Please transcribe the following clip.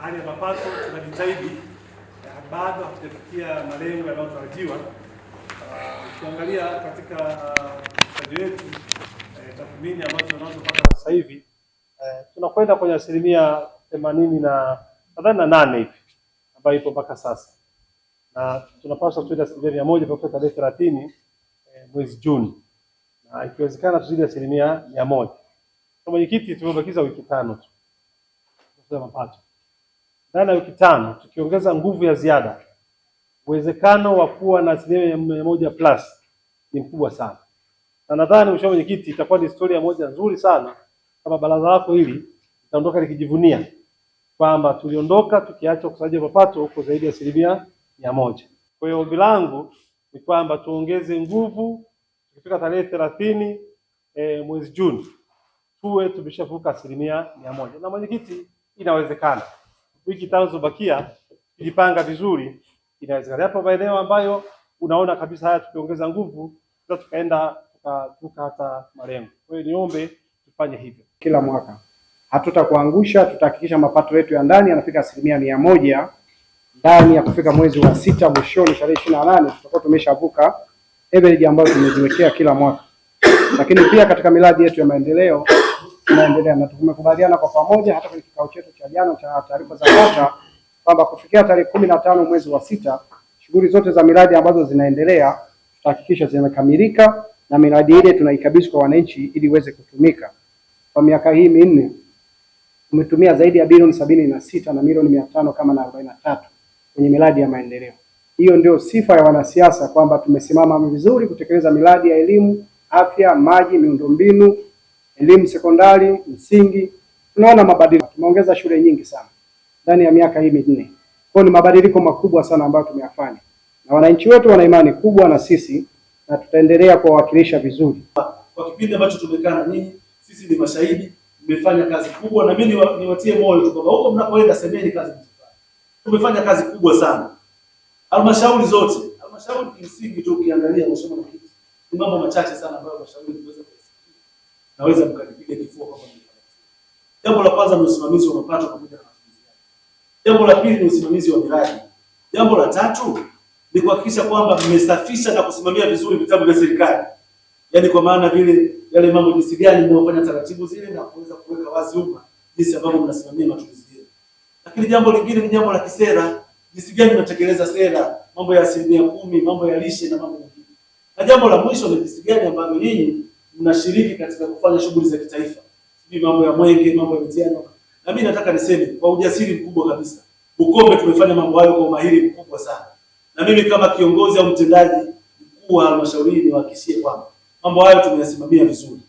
hali ya mapato tunajitahidi, eh, bado hatujafikia malengo yanayotarajiwa. Ah, ukiangalia katika ah, mtaji wetu eh, tathmini ambazo tunazopata sasa hivi eh, tunakwenda kwenye asilimia themanini na nadhani na nane hivi ambayo ipo mpaka sasa, na tunapaswa tuende asilimia mia moja mpaka tarehe thelathini mwezi Juni, na ikiwezekana tuzidi asilimia mia moja. Mwenyekiti, tumebakiza wiki tano tu mapato ndani ya wiki tano tukiongeza nguvu ya ziada, uwezekano wa kuwa na asilimia mia moja plus ni mkubwa sana, na nadhani mheshimiwa mwenyekiti, itakuwa ni historia moja nzuri sana kama baraza lako hili litaondoka likijivunia kwamba tuliondoka tukiacha ukusanyaji wa mapato huko zaidi ya asilimia mia moja. Kwa hiyo ombi langu ni kwamba tuongeze nguvu tukifika tarehe thelathini e, mwezi Juni tuwe tumeshavuka asilimia mia moja. Na mwenyekiti, inawezekana wiki tano zilizobakia kujipanga vizuri, inawezekana. Yapo maeneo ambayo unaona kabisa haya, tukiongeza nguvu tuka tukaenda tuka hata malengo. Kwa hiyo niombe tufanye hivyo kila mwaka, hatutakuangusha tutahakikisha mapato yetu ya ndani yanafika asilimia mia moja ndani ya kufika mwezi wa sita mwishoni, tarehe ishirini na nane tutakuwa tumeshavuka average ambayo tumejiwekea kila mwaka. Lakini pia katika miradi yetu ya maendeleo tunaendelea na tumekubaliana kwa pamoja hata kwenye kikao chetu cha jana cha taarifa za kata kwamba kufikia tarehe kumi na tano mwezi wa sita shughuli zote za miradi ambazo zinaendelea tutahakikisha zimekamilika na miradi ile tunaikabidhi kwa wananchi ili iweze kutumika. Kwa miaka hii minne tumetumia zaidi ya bilioni sabini na sita na milioni mia tano kama na arobaini na tatu kwenye miradi ya maendeleo. Hiyo ndio sifa ya wanasiasa kwamba tumesimama vizuri kutekeleza miradi ya elimu, afya, maji, miundombinu elimu sekondari, msingi, tunaona mabadiliko. Tumeongeza shule nyingi sana ndani ya miaka hii minne. Kwa ni mabadiliko makubwa sana ambayo tumeyafanya, na wananchi wetu wana imani kubwa na sisi na tutaendelea kuwawakilisha vizuri. Kwa kipindi ambacho tumekaa na nyinyi, sisi ni mashahidi, mmefanya kazi kubwa, na mimi niwatie moyo tu kwamba huko mnapoenda, semeni kazi mlizofanya. Tumefanya kazi kubwa sana, halmashauri zote, halmashauri kimsingi tu ukiangalia, mheshimiwa mwenyekiti, ni mambo machache sana ambayo halmashauri naweza mkanipiga kifua kama Jambo la kwanza ni usimamizi wa mapato pamoja na matumizi. yake. Jambo la pili ni usimamizi wa miradi. Jambo la tatu ni kuhakikisha kwamba mmesafisha na kusimamia vizuri vitabu vya serikali. Yaani kwa maana vile yale mambo jinsi gani mnafanya taratibu zile na kuweza kuweka wazi umma jinsi ambavyo mnasimamia matumizi yenu. Lakini jambo lingine ni jambo la kisera, jinsi gani mnatekeleza sera, mambo ya asilimia kumi, mambo ya lishe na mambo mengine. Na jambo la mwisho ni jinsi gani ambavyo nyinyi tunashiriki katika kufanya shughuli za kitaifa, sijui mambo ya mwenge, mambo ya vijana. Na mimi nataka niseme kwa ujasiri mkubwa kabisa, Bukombe tumefanya mambo hayo kwa umahiri mkubwa sana, na mimi kama kiongozi au mtendaji mkuu wa halmashauri niwahakikishie kwamba mambo hayo tumeyasimamia vizuri.